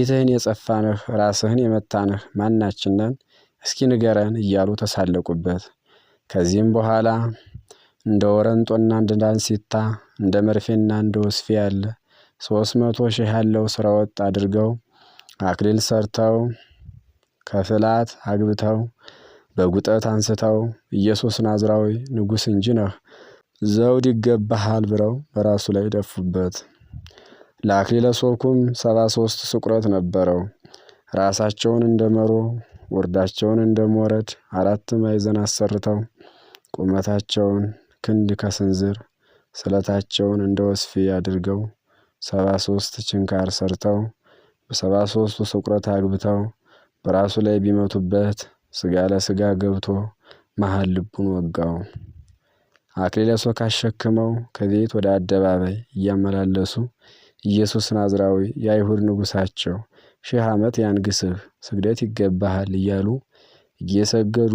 ፊትህን የጸፋንህ ራስህን የመታንህ ማናችነን? እስኪ ንገረን እያሉ ተሳለቁበት። ከዚህም በኋላ እንደ ወረንጦና እንደ ዳንሲታ እንደ መርፌና እንደ ወስፌ ያለ ሶስት መቶ ሺህ ያለው ስራ ወጥ አድርገው አክሊል ሰርተው ከፍላት አግብተው በጉጠት አንስተው ኢየሱስ ናዝራዊ ንጉሥ እንጂ ነህ ዘውድ ይገባሃል ብለው በራሱ ላይ ደፉበት። ለአክሊለ ሶኩም ሰባ ሶስት ስቁረት ነበረው። ራሳቸውን እንደ መሮ ወርዳቸውን እንደ ሞረድ አራት ማዕዘን አሰርተው ቁመታቸውን ክንድ ከስንዝር ስለታቸውን እንደ ወስፌ አድርገው ሰባ ሶስት ችንካር ሰርተው በሰባ ሶስቱ ስቁረት አግብተው በራሱ ላይ ቢመቱበት ስጋ ለስጋ ገብቶ መሃል ልቡን ወጋው። አክሊለ ሶክ አሸክመው ከቤት ወደ አደባባይ እያመላለሱ ኢየሱስ ናዝራዊ የአይሁድ ንጉሳቸው ሺህ ዓመት ያንግስህ፣ ስግደት ይገባሃል እያሉ እየሰገዱ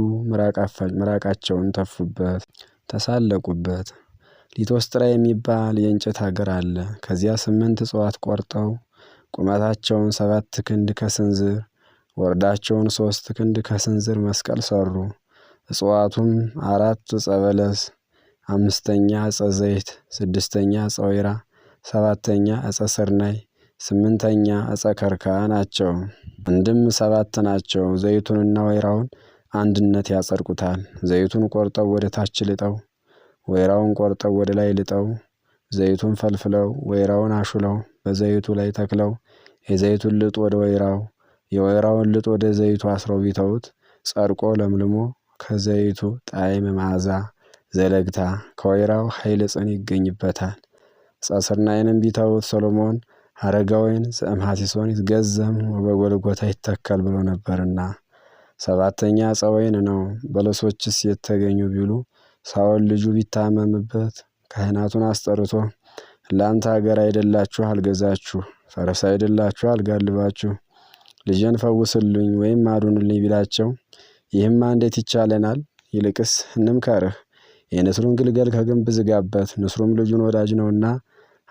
ምራቃቸውን ተፉበት፣ ተሳለቁበት። ሊቶስጥራ የሚባል የእንጨት አገር አለ። ከዚያ ስምንት እጽዋት ቆርጠው ቁመታቸውን ሰባት ክንድ ከስንዝር ወርዳቸውን ሶስት ክንድ ከስንዝር መስቀል ሰሩ። እጽዋቱም አራት ጸበለስ፣ በለስ፣ አምስተኛ እጸ ዘይት፣ ስድስተኛ ጸወይራ። ወይራ ሰባተኛ ዕፀ ስርናይ ስምንተኛ ዕፀ ከርካ ናቸው። እንድም ሰባት ናቸው። ዘይቱንና ወይራውን አንድነት ያጸድቁታል። ዘይቱን ቆርጠው ወደ ታች ልጠው፣ ወይራውን ቆርጠው ወደ ላይ ልጠው፣ ዘይቱን ፈልፍለው፣ ወይራውን አሹለው፣ በዘይቱ ላይ ተክለው፣ የዘይቱን ልጥ ወደ ወይራው፣ የወይራውን ልጥ ወደ ዘይቱ አስረው ቢተውት ጸድቆ ለምልሞ ከዘይቱ ጣዕም መዓዛ ዘለግታ ከወይራው ኃይለ ጽን ይገኝበታል። ጻስርናኤንም ቢታውት ሰሎሞን አረጋዊን ዘእምሃሲሶን ይትገዘም በጎልጎታ ይተከል ብሎ ነበርና። ሰባተኛ ጸወይን ነው። በለሶችስ የተገኙ ቢሉ ሳኦል ልጁ ቢታመምበት ካህናቱን አስጠርቶ ለአንተ ሀገር አይደላችሁ አልገዛችሁ፣ ፈረስ አይደላችሁ አልጋልባችሁ፣ ልጄን ፈውስልኝ ወይም አዱንልኝ ቢላቸው ይህማ እንዴት ይቻለናል? ይልቅስ እንምከርህ፣ የንስሩን ግልገል ከግንብ ዝጋበት፣ ንስሩም ልጁን ወዳጅ ነውና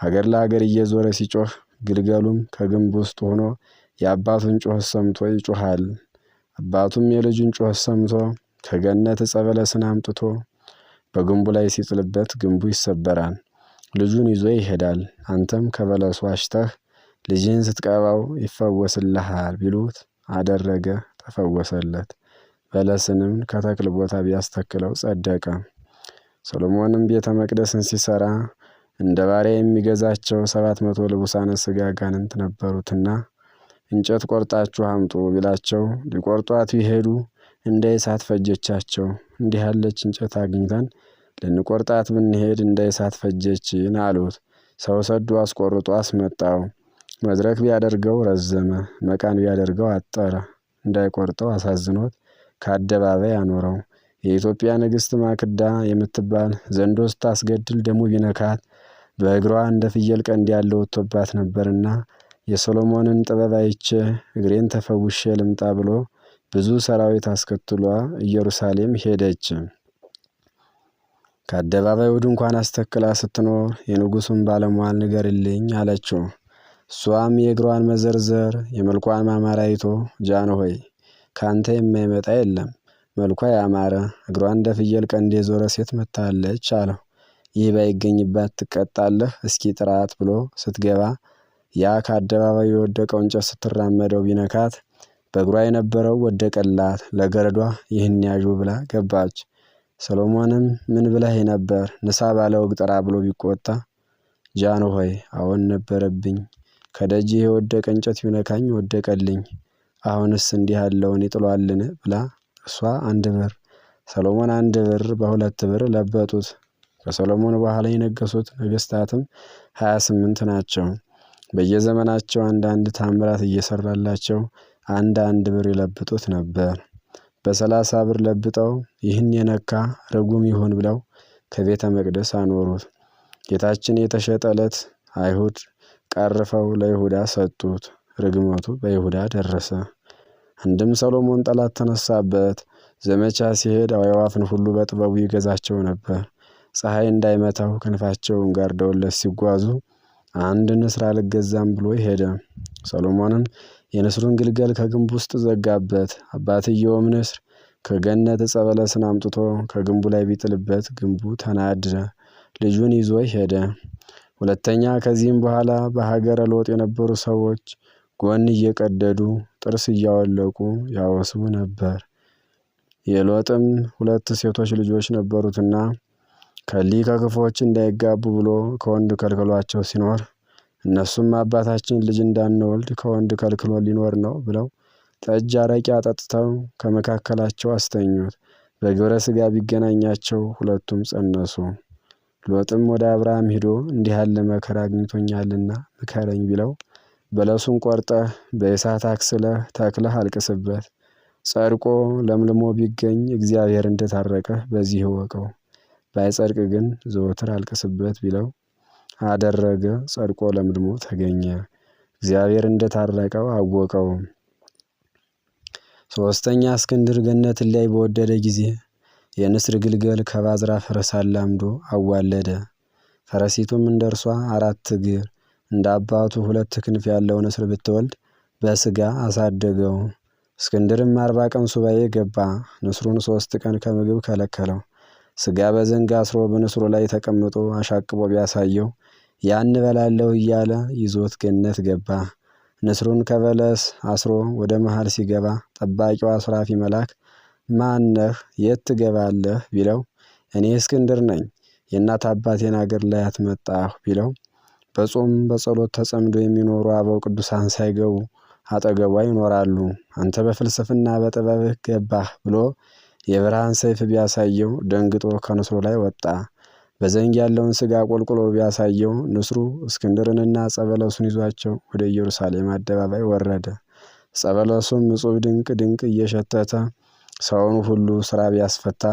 ሀገር ለሀገር እየዞረ ሲጮህ ግልገሉም ከግንብ ውስጥ ሆኖ የአባቱን ጩኸት ሰምቶ ይጮኻል። አባቱም የልጁን ጩኸት ሰምቶ ከገነት ዕፀ በለስን አምጥቶ በግንቡ ላይ ሲጥልበት ግንቡ ይሰበራል። ልጁን ይዞ ይሄዳል። አንተም ከበለሱ አሽተህ ልጅህን ስትቀባው ይፈወስልሃል ቢሉት አደረገ፣ ተፈወሰለት። በለስንም ከተክል ቦታ ቢያስተክለው ጸደቀ። ሰሎሞንም ቤተ መቅደስን ሲሰራ እንደ ባሪያ የሚገዛቸው ሰባት መቶ ልቡሳነ ስጋ አጋንንት ነበሩትና እንጨት ቆርጣችሁ አምጡ ቢላቸው ሊቆርጧት ቢሄዱ እንደ እሳት ፈጀቻቸው። እንዲህ ያለች እንጨት አግኝተን ልንቆርጣት ብንሄድ እንደ እሳት ፈጀችን አሉት። ሰው ሰዶ አስቆርጦ አስመጣው። መድረክ ቢያደርገው ረዘመ፣ መቃን ቢያደርገው አጠረ። እንዳይቆርጠው አሳዝኖት ከአደባባይ አኖረው። የኢትዮጵያ ንግሥት ማክዳ የምትባል ዘንዶ ስታስገድል ደሙ ቢነካት በእግሯ እንደ ፍየል ቀንድ ያለው ወጥቶባት ነበርና የሶሎሞንን ጥበብ አይቼ እግሬን ተፈውሼ ልምጣ ብሎ ብዙ ሰራዊት አስከትሏ ኢየሩሳሌም ሄደች። ከአደባባዩ ድንኳን አስተክላ ስትኖር የንጉሱን ባለሟል ንገርልኝ አለችው። እሷም የእግሯን መዘርዘር የመልኳን ማማር አይቶ ጃን ሆይ ከአንተ የማይመጣ የለም መልኳ ያማረ እግሯ እንደ ፍየል ቀንድ የዞረ ሴት መታለች አለው። ይህ ባይገኝባት ትቀጣለህ እስኪ ጥራት ብሎ ስትገባ ያ ከአደባባይ የወደቀው እንጨት ስትራመደው ቢነካት በእግሯ የነበረው ወደቀላት ለገረዷ ይህን ያዡ ብላ ገባች። ሰሎሞንም ምን ብለህ ነበር ንሳ ባለ ወግ ጥራ ብሎ ቢቆጣ ጃን ሆይ አሁን ነበረብኝ ይህ የወደቀ እንጨት ቢነካኝ ወደቀልኝ አሁንስ እንዲህ ያለውን ይጥሏልን ብላ እሷ አንድ ብር ሰሎሞን አንድ ብር በሁለት ብር ለበጡት ከሰሎሞን በኋላ የነገሱት ነገስታትም ሀያ ስምንት ናቸው። በየዘመናቸው አንዳንድ ታምራት እየሰራላቸው አንዳንድ ብር ይለብጡት ነበር። በሰላሳ ብር ለብጠው ይህን የነካ ርጉም ይሁን ብለው ከቤተ መቅደስ አኖሩት። ጌታችን የተሸጠ ዕለት አይሁድ ቀርፈው ለይሁዳ ሰጡት። ርግመቱ በይሁዳ ደረሰ። አንድም ሰሎሞን ጠላት ተነሳበት። ዘመቻ ሲሄድ አዕዋፍን ሁሉ በጥበቡ ይገዛቸው ነበር። ፀሐይ እንዳይመታው ክንፋቸውን ጋርደውለት ሲጓዙ አንድ ንስር አልገዛም ብሎ ሄደ። ሰሎሞንም የንስሩን ግልገል ከግንብ ውስጥ ዘጋበት። አባትየውም ንስር ከገነት ዕፀ በለስን አምጥቶ ከግንቡ ላይ ቢጥልበት ግንቡ ተናደ፣ ልጁን ይዞ ሄደ። ሁለተኛ ከዚህም በኋላ በሀገረ ሎጥ የነበሩ ሰዎች ጎን እየቀደዱ ጥርስ እያወለቁ ያወስቡ ነበር። የሎጥም ሁለት ሴቶች ልጆች ነበሩትና ከሊህ ከክፎች እንዳይጋቡ ብሎ ከወንድ ከልክሏቸው ሲኖር እነሱም አባታችን ልጅ እንዳንወልድ ከወንድ ከልክሎ ሊኖር ነው ብለው ጠጅ አረቄ አጠጥተው ከመካከላቸው አስተኙት። በግብረ ሥጋ ቢገናኛቸው ሁለቱም ጸነሱ። ሎጥም ወደ አብርሃም ሂዶ እንዲህ ያለ መከራ አግኝቶኛልና ምከረኝ ቢለው በለሱን ቆርጠህ በእሳት አክስለህ ተክለህ አልቅስበት፣ ጸድቆ ለምልሞ ቢገኝ እግዚአብሔር እንደታረቀህ በዚህ እወቀው ባይጸድቅ ግን ዘወትር አልቅስበት ቢለው አደረገ ጸድቆ ለምድሞ ተገኘ። እግዚአብሔር እንደታረቀው አወቀው። ሶስተኛ እስክንድር ገነትን ላይ በወደደ ጊዜ የንስር ግልገል ከባዝራ ፈረስ አላምዶ አዋለደ። ፈረሲቱም እንደ እርሷ አራት እግር እንደ አባቱ ሁለት ክንፍ ያለው ንስር ብትወልድ በስጋ አሳደገው። እስክንድርም አርባ ቀን ሱባኤ ገባ። ንስሩን ሶስት ቀን ከምግብ ከለከለው። ስጋ በዘንግ አስሮ በንስሩ ላይ ተቀምጦ አሻቅቦ ቢያሳየው ያን በላለሁ እያለ ይዞት ገነት ገባ። ንስሩን ከበለስ አስሮ ወደ መሃል ሲገባ ጠባቂው አስራፊ መልአክ ማነህ? የት ትገባለህ? ቢለው እኔ እስክንድር ነኝ የእናት አባቴን አገር ላይ አትመጣሁ ቢለው በጾም በጸሎት ተጸምዶ የሚኖሩ አበው ቅዱሳን ሳይገቡ አጠገቧ ይኖራሉ። አንተ በፍልስፍና በጥበብህ ገባህ ብሎ የብርሃን ሰይፍ ቢያሳየው ደንግጦ ከንስሩ ላይ ወጣ። በዘንግ ያለውን ሥጋ ቆልቁሎ ቢያሳየው ንስሩ እስክንድርንና ጸበለሱን ይዟቸው ወደ ኢየሩሳሌም አደባባይ ወረደ። ጸበለሱም እጹብ ድንቅ ድንቅ እየሸተተ ሰውን ሁሉ ሥራ ቢያስፈታ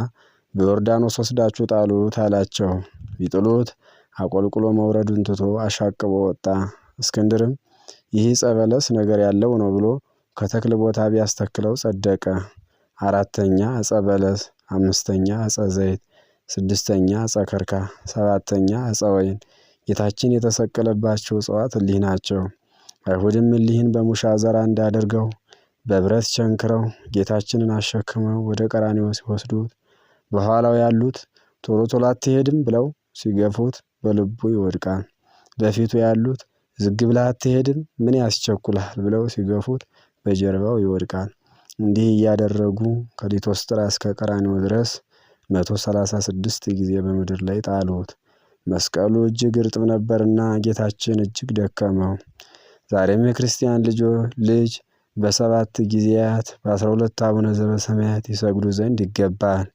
በዮርዳኖስ ወስዳችሁ ጣሉት አላቸው። ቢጥሉት አቆልቁሎ መውረዱን ትቶ አሻቅቦ ወጣ። እስክንድርም ይህ ጸበለስ ነገር ያለው ነው ብሎ ከተክል ቦታ ቢያስተክለው ጸደቀ። አራተኛ እፀ በለስ አምስተኛ እፀ ዘይት ስድስተኛ እፀ ከርካ ሰባተኛ እፀ ወይን ጌታችን የተሰቀለባቸው እጽዋት እሊህ ናቸው። አይሁድም እሊህን በሙሻ ዘራ እንዳደርገው በብረት ቸንክረው ጌታችንን አሸክመው ወደ ቀራንዮ ሲወስዱት በኋላው ያሉት ቶሎ ቶሎ አትሄድም ብለው ሲገፉት በልቡ ይወድቃል። በፊቱ ያሉት ዝግ ብለህ አትሄድም ምን ያስቸኩልሃል ብለው ሲገፉት በጀርባው ይወድቃል። እንዲህ እያደረጉ ከሊቶስጥራ እስከ ቀራንዮ ድረስ 136 ጊዜ በምድር ላይ ጣሉት። መስቀሉ እጅግ እርጥብ ነበርና ጌታችን እጅግ ደከመው። ዛሬም የክርስቲያን ልጆ ልጅ በሰባት ጊዜያት በአስራ ሁለት አቡነ ዘበ ሰማያት ይሰግዱ ዘንድ ይገባል።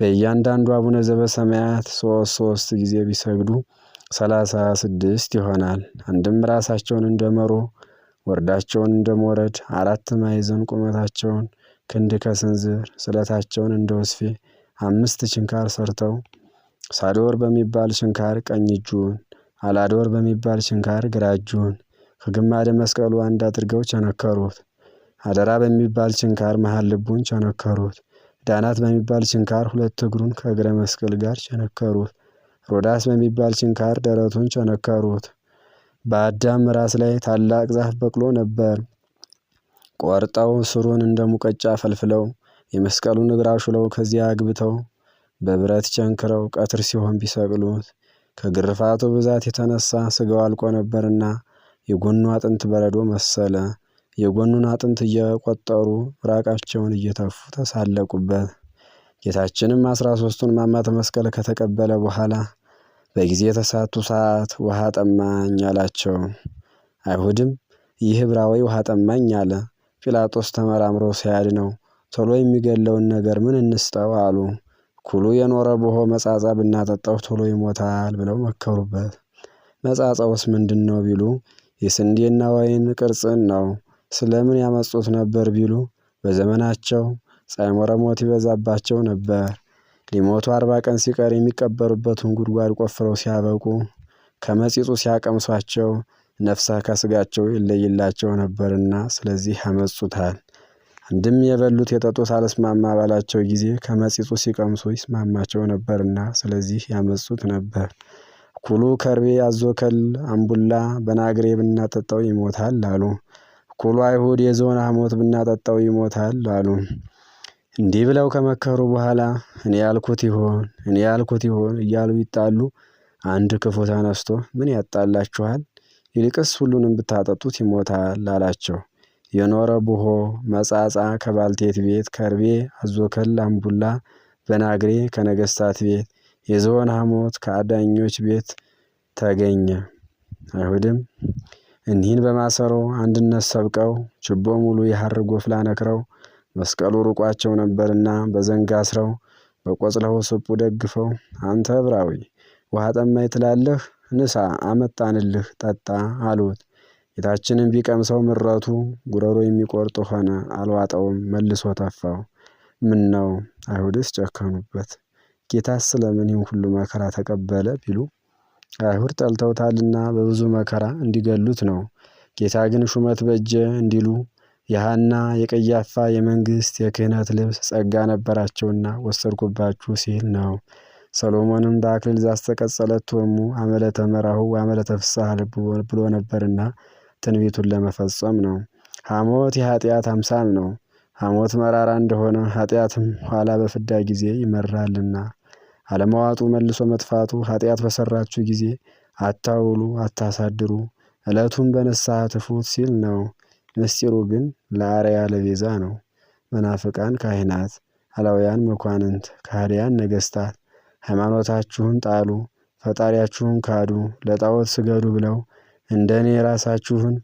በእያንዳንዱ አቡነ ሰማያት ሶስት ሶስት ጊዜ ቢሰግዱ ሰላሳ ስድስት ይሆናል። አንድም ራሳቸውን እንደ መሮ ወርዳቸውን እንደ ሞረድ አራት ማዕዘን ቁመታቸውን ክንድ ከስንዝር ስለታቸውን እንደ ወስፌ አምስት ችንካር ሰርተው ሳዶር በሚባል ችንካር ቀኝ እጁን አላዶር በሚባል ችንካር ግራ እጁን ከግማደ መስቀሉ አንድ አድርገው ቸነከሩት። አደራ በሚባል ችንካር መሃል ልቡን ቸነከሩት። ዳናት በሚባል ችንካር ሁለት እግሩን ከእግረ መስቀል ጋር ቸነከሩት። ሮዳስ በሚባል ችንካር ደረቱን ቸነከሩት። በአዳም ራስ ላይ ታላቅ ዛፍ በቅሎ ነበር። ቆርጠው ስሩን እንደ ሙቀጫ ፈልፍለው የመስቀሉን እግር አሹለው ከዚያ አግብተው በብረት ቸንክረው ቀትር ሲሆን ቢሰቅሉት ከግርፋቱ ብዛት የተነሳ ስጋው አልቆ ነበርና የጎኑ አጥንት በረዶ መሰለ። የጎኑን አጥንት እየቆጠሩ ራቃቸውን እየተፉ ተሳለቁበት። ጌታችንም አስራ ሶስቱን ማማተ መስቀል ከተቀበለ በኋላ በጊዜ የተሳቱ ሰዓት ውሃ ጠማኝ አላቸው። አይሁድም ይህ ዕብራዊ ውሃ ጠማኝ አለ። ጲላጦስ ተመራምሮ ሲያድ ነው ቶሎ የሚገለውን ነገር ምን እንስጠው አሉ። ኩሉ የኖረ ብሆ መጻጻ ብናጠጣው ቶሎ ይሞታል ብለው መከሩበት። መጻጻውስ ምንድን ነው ቢሉ የስንዴና ወይን ቅርጽን ነው። ስለምን ያመጡት ነበር ቢሉ በዘመናቸው ፀይሞረ ሞት ይበዛባቸው ነበር። ሊሞቱ አርባ ቀን ሲቀር የሚቀበሩበትን ጉድጓድ ቆፍረው ሲያበቁ ከመጺጹ ሲያቀምሷቸው ነፍሰ ከስጋቸው ይለይላቸው ነበርና ስለዚህ ያመጹታል። አንድም የበሉት የጠጡት አልስማማ ባላቸው ጊዜ ከመጺጹ ሲቀምሱ ይስማማቸው ነበርና ስለዚህ ያመጹት ነበር። ኩሉ ከርቤ አዞከል አምቡላ በናግሬ ብናጠጣው ይሞታል አሉ። ኩሉ አይሁድ የዞን አሞት ብናጠጣው ይሞታል አሉ። እንዲህ ብለው ከመከሩ በኋላ እኔ ያልኩት ይሆን እኔ ያልኩት ይሆን እያሉ ይጣሉ። አንድ ክፉ ተነስቶ ምን ያጣላችኋል? ይልቅስ ሁሉንም ብታጠጡት ይሞታል አላቸው። የኖረ ቡሆ መጻጻ ከባልቴት ቤት ከርቤ አዞከል አምቡላ በናግሬ ከነገስታት ቤት የዝሆን ሐሞት ከአዳኞች ቤት ተገኘ። አይሁድም እኒህን በማሰሮ አንድነት ሰብቀው ችቦ ሙሉ የሐር ጎፍላ ነክረው መስቀሉ ርቋቸው ነበርና በዘንግ አስረው በቆጽለው ስቡ ደግፈው አንተ ዕብራዊ ውሃ ጠማኝ ትላለህ? ንሳ አመጣንልህ ጠጣ አሉት። ጌታችንም ቢቀምሰው ምረቱ ጉረሮ የሚቆርጥ ሆነ፣ አልዋጠውም። መልሶ ተፋው። ምን ነው አይሁድስ ጨከኑበት፣ ጌታስ ስለምን ይህን ሁሉ መከራ ተቀበለ ቢሉ አይሁድ ጠልተውታልና በብዙ መከራ እንዲገሉት ነው። ጌታ ግን ሹመት በጀ እንዲሉ የሐና የቀያፋ የመንግሥት የክህነት ልብስ ጸጋ ነበራቸውና ወሰድኩባችሁ ሲል ነው። ሰሎሞንም በአክሊል ዛስተቀጸለት ወሙ አመለተ መራሁ አመለተ ልብ ብሎ ነበርና ትንቢቱን ለመፈጸም ነው። ሐሞት የኃጢአት አምሳል ነው። ሐሞት መራራ እንደሆነ ኃጢአትም ኋላ በፍዳ ጊዜ ይመራልና አለመዋጡ መልሶ መጥፋቱ ኃጢአት በሰራችሁ ጊዜ አታውሉ አታሳድሩ፣ ዕለቱን በንስሐ ትፉት ሲል ነው። ምስጢሩ ግን ለአርያ ለቤዛ ነው። መናፍቃን ካህናት፣ አላውያን መኳንንት፣ ካህዲያን ነገሥታት ሃይማኖታችሁን ጣሉ፣ ፈጣሪያችሁን ካዱ፣ ለጣዖት ስገዱ ብለው እንደ እኔ ራሳችሁን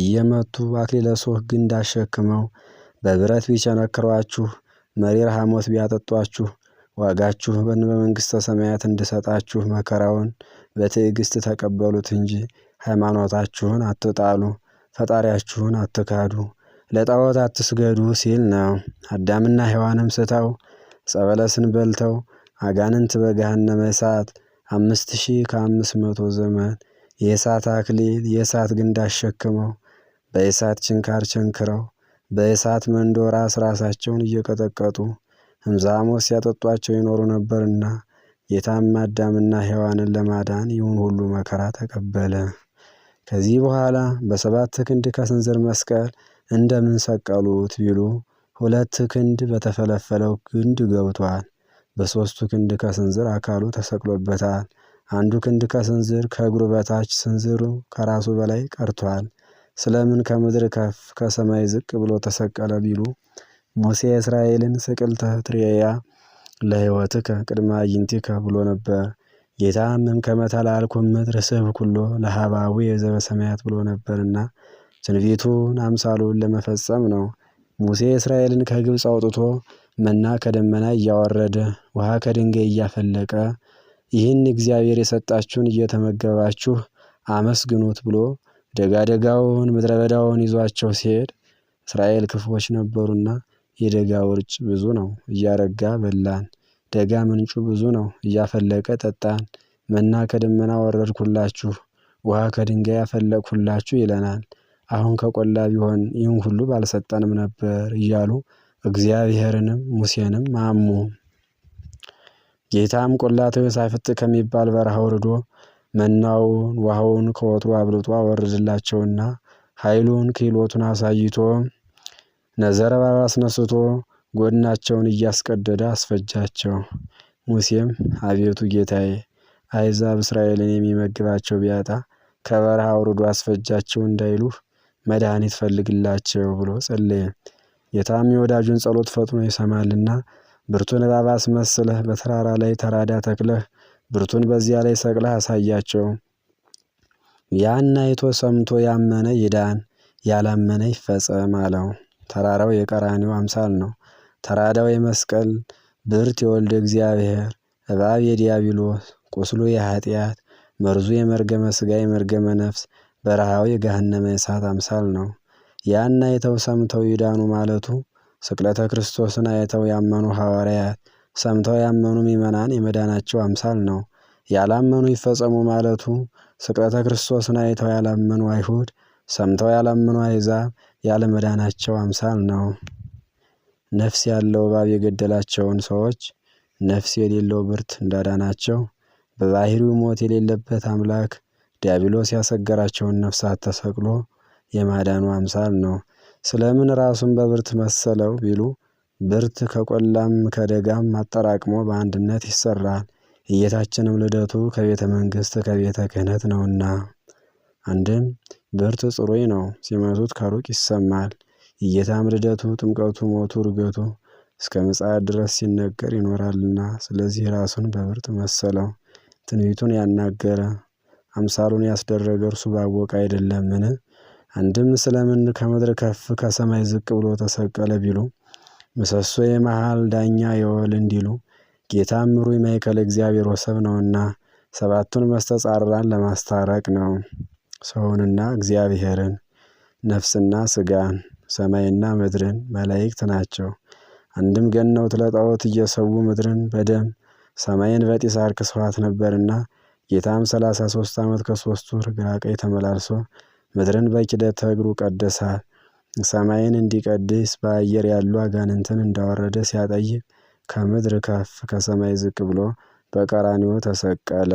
እየመቱ አክሊለ ሦክ ግንድ አሸክመው በብረት ቢቸነክሯችሁ መሪር ሐሞት ቢያጠጧችሁ በን በመንግሥተ ሰማያት እንድሰጣችሁ መከራውን በትዕግሥት ተቀበሉት እንጂ ሃይማኖታችሁን አትጣሉ። ፈጣሪያችሁን አትካዱ ለጣዖት አትስገዱ ሲል ነው። አዳምና ሔዋንም ስተው ጸበለስን በልተው አጋንንት በገሃነመ እሳት አምስት ሺህ ከአምስት መቶ ዘመን የእሳት አክሊል የእሳት ግንድ አሸክመው በእሳት ችንካር ቸንክረው በእሳት መንዶ ራስ ራሳቸውን እየቀጠቀጡ እምዛሞስ ሲያጠጧቸው ይኖሩ ነበርና ጌታም አዳምና ሔዋንን ለማዳን ይሁን ሁሉ መከራ ተቀበለ። ከዚህ በኋላ በሰባት ክንድ ከስንዝር መስቀል እንደምንሰቀሉት ቢሉ ሁለት ክንድ በተፈለፈለው ክንድ ገብቷል። በሦስቱ ክንድ ከስንዝር አካሉ ተሰቅሎበታል። አንዱ ክንድ ከስንዝር ከእግሩ በታች ስንዝሩ ከራሱ በላይ ቀርቷል። ስለምን ከምድር ከፍ ከሰማይ ዝቅ ብሎ ተሰቀለ ቢሉ ሙሴ እስራኤልን ስቅልተ ትሬያ ለሕይወትከ ቅድመ አዕይንቲከ ብሎ ነበር። ጌታ እምእምከመ ተላልኩምከ ምድር ስብ ኩሎ ለሀባዊ ሰማያት ብሎ ነበርና ትንቢቱን አምሳሉን ለመፈጸም ነው። ሙሴ እስራኤልን ከግብፅ አውጥቶ መና ከደመና እያወረደ ውሃ ከድንጋይ እያፈለቀ ይህን እግዚአብሔር የሰጣችሁን እየተመገባችሁ አመስግኑት ብሎ ደጋደጋውን ምድረ በዳውን ይዟቸው ሲሄድ እስራኤል ክፉዎች ነበሩና የደጋ ውርጭ ብዙ ነው እያረጋ በላን። ደጋ ምንጩ ብዙ ነው እያፈለቀ ጠጣን። መና ከደመና ወረድኩላችሁ ውሃ ከድንጋይ አፈለቅሁላችሁ ይለናል። አሁን ከቆላ ቢሆን ይህን ሁሉ ባልሰጠንም ነበር እያሉ እግዚአብሔርንም ሙሴንም አሙ። ጌታም ቆላተው የሳፍጥ ከሚባል በረሃ ወርዶ መናውን ውሃውን ከወትሮ አብልጦ አወረድላቸውና ኃይሉን ክህሎቱን አሳይቶ ነዘረባብ አስነስቶ ጎድናቸውን እያስቀደደ አስፈጃቸው። ሙሴም አቤቱ ጌታዬ አሕዛብ እስራኤልን የሚመግባቸው ቢያጣ ከበረሃ አውርዶ አስፈጃቸው እንዳይሉ መድኃኒት ፈልግላቸው ብሎ ጸለየ። ጌታም የወዳጁን ጸሎት ፈጥኖ ይሰማልና ብርቱን እባብ አስመስለህ በተራራ ላይ ተራዳ ተክለህ ብርቱን በዚያ ላይ ሰቅለህ አሳያቸው። ያን አይቶ ሰምቶ ያመነ ይዳን፣ ያላመነ ይፈጸም አለው። ተራራው የቀራኒው አምሳል ነው። ተራዳው የመስቀል ብርት የወልደ እግዚአብሔር እባብ የዲያብሎስ ቁስሉ የኃጢአት መርዙ የመርገመ ሥጋ የመርገመ ነፍስ በረሃው የገህነመ እሳት አምሳል ነው። ያን አይተው ሰምተው ይዳኑ ማለቱ ስቅለተ ክርስቶስን አይተው ያመኑ ሐዋርያት ሰምተው ያመኑ ሚመናን የመዳናቸው አምሳል ነው። ያላመኑ ይፈጸሙ ማለቱ ስቅለተ ክርስቶስን አይተው ያላመኑ አይሁድ ሰምተው ያላመኑ አሕዛብ ያለመዳናቸው አምሳል ነው። ነፍስ ያለው እባብ የገደላቸውን ሰዎች ነፍስ የሌለው ብርት እንዳዳናቸው በባህሪው ሞት የሌለበት አምላክ ዲያብሎስ ያሰገራቸውን ነፍሳት ተሰቅሎ የማዳኑ አምሳል ነው። ስለምን ራሱን በብርት መሰለው ቢሉ ብርት ከቆላም ከደጋም አጠራቅሞ በአንድነት ይሰራል። እየታችንም ልደቱ ከቤተ መንግሥት ከቤተ ክህነት ነውና፣ አንድም ብርት ጽሩይ ነው፣ ሲመቱት ከሩቅ ይሰማል። የጌታም ልደቱ ጥምቀቱ ሞቱ እርገቱ እስከ ምጽአት ድረስ ሲነገር ይኖራልና ስለዚህ ራሱን በብርት መሰለው። ትንቢቱን ያናገረ አምሳሉን ያስደረገ እርሱ ባወቀ አይደለምን? አንድም ስለምን ከምድር ከፍ ከሰማይ ዝቅ ብሎ ተሰቀለ ቢሉ ምሰሶ የመሃል ዳኛ የወል እንዲሉ ጌታ ምሩ ማይከል እግዚአብሔር ወሰብ ነውና ሰባቱን መስተጻራን ለማስታረቅ ነው። ሰውንና እግዚአብሔርን ነፍስና ስጋን ሰማይና ምድርን መላእክት ናቸው። አንድም ገነውት ለጣዖት እየሰዉ ምድርን በደም ሰማይን በጢስ አርክሰዋት ነበርና ጌታም ሰላሳ ሶስት ዓመት ከሶስት ወር ግራ ቀኝ ተመላልሶ ምድርን በኪደት እግሩ ቀደሳት። ሰማይን እንዲቀድስ በአየር ያሉ አጋንንትን እንዳወረደ ሲያጠይቅ ከምድር ከፍ ከሰማይ ዝቅ ብሎ በቀራኒዎ ተሰቀለ።